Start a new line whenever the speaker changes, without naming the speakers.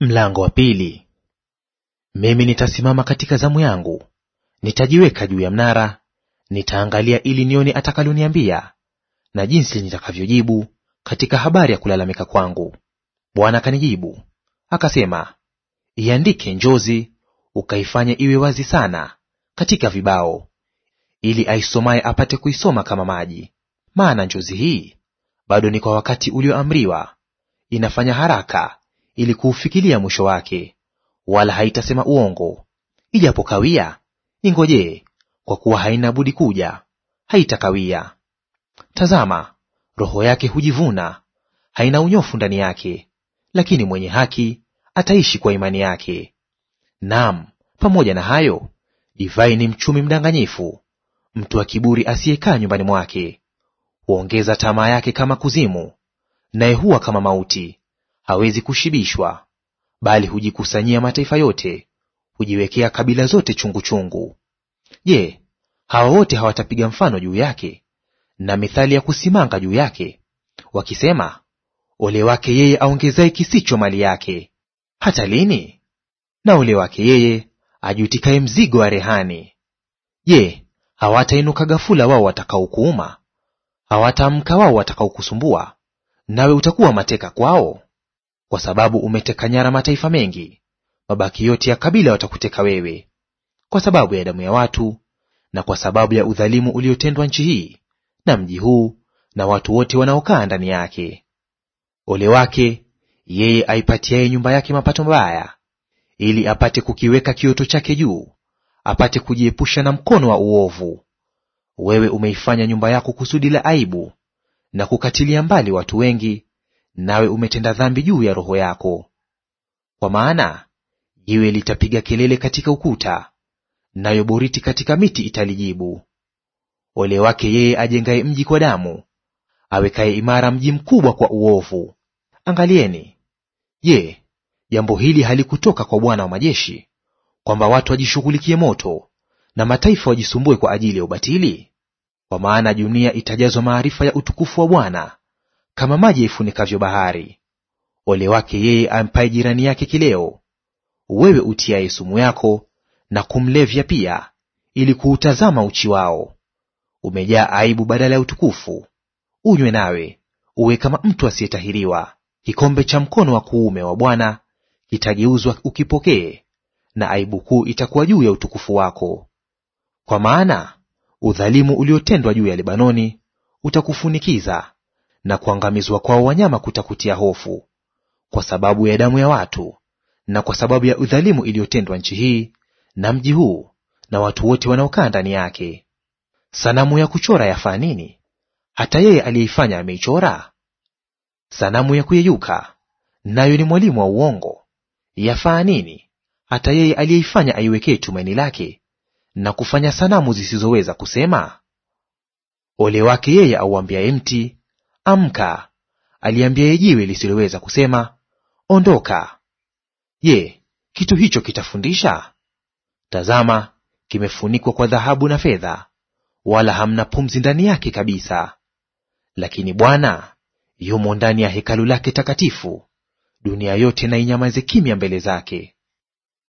Mlango wa pili. Mimi nitasimama katika zamu yangu, nitajiweka juu ya mnara, nitaangalia ili nione atakaloniambia na jinsi nitakavyojibu katika habari ya kulalamika kwangu. Bwana akanijibu akasema, iandike njozi, ukaifanye iwe wazi sana katika vibao, ili aisomaye apate kuisoma kama maji. Maana njozi hii bado ni kwa wakati ulioamriwa, inafanya haraka ili kuufikilia mwisho wake, wala haitasema uongo. Ijapokawia, ingojee, kwa kuwa haina budi kuja; haitakawia. Tazama, roho yake hujivuna, haina unyofu ndani yake, lakini mwenye haki ataishi kwa imani yake. Naam, pamoja na hayo, divai ni mchumi mdanganyifu, mtu wa kiburi asiyekaa nyumbani mwake. Huongeza tamaa yake kama kuzimu, naye huwa kama mauti hawezi kushibishwa, bali hujikusanyia mataifa yote, hujiwekea kabila zote chungu chungu. Je, hawa wote hawatapiga mfano juu yake na mithali ya kusimanga juu yake, wakisema, ole wake yeye aongezaye kisicho mali yake, hata lini? Na ole wake yeye ajutikaye mzigo wa rehani. Je, hawatainuka ghafula wao watakaokuuma? Hawataamka wao watakaokusumbua, nawe utakuwa mateka kwao? kwa sababu umeteka nyara mataifa mengi, mabaki yote ya kabila watakuteka wewe. Kwa sababu ya damu ya watu na kwa sababu ya udhalimu uliotendwa nchi hii na mji huu na watu wote wanaokaa ndani yake. Ole wake yeye aipatiaye nyumba yake mapato mabaya, ili apate kukiweka kioto chake juu, apate kujiepusha na mkono wa uovu. Wewe umeifanya nyumba yako kusudi la aibu na kukatilia mbali watu wengi nawe umetenda dhambi juu ya roho yako. Kwa maana jiwe litapiga kelele katika ukuta, nayo boriti katika miti italijibu. Ole wake yeye ajengaye mji kwa damu, awekaye imara mji mkubwa kwa uovu. Angalieni, je, jambo hili halikutoka kwa Bwana wa majeshi, kwamba watu wajishughulikie moto na mataifa wajisumbue kwa ajili ya ubatili? Kwa maana dunia itajazwa maarifa ya utukufu wa Bwana kama maji yaifunikavyo bahari. Ole wake yeye ampaye jirani yake kileo, wewe utiaye sumu yako na kumlevya pia, ili kuutazama uchi wao. Umejaa aibu badala ya utukufu, unywe nawe uwe kama mtu asiyetahiriwa. Kikombe cha mkono wa kuume wa Bwana kitageuzwa ukipokee, na aibu kuu itakuwa juu ya utukufu wako. Kwa maana udhalimu uliotendwa juu ya Lebanoni utakufunikiza na kuangamizwa kwao wanyama kutakutia hofu, kwa sababu ya damu ya watu na kwa sababu ya udhalimu iliyotendwa nchi hii na mji huu na watu wote wanaokaa ndani yake. Sanamu ya kuchora yafaa nini? Hata yeye aliyeifanya ameichora. Sanamu ya kuyeyuka nayo ni mwalimu wa uongo, yafaa nini? Hata yeye aliyeifanya aiwekee tumaini lake na kufanya sanamu zisizoweza kusema. Ole wake yeye auambiaye mti, Amka, aliambia yejiwe lisiloweza kusema ondoka. Je, kitu hicho kitafundisha? Tazama, kimefunikwa kwa dhahabu na fedha, wala hamna pumzi ndani yake kabisa. Lakini Bwana yumo ndani ya hekalu lake takatifu; dunia yote na inyamaze kimya mbele zake.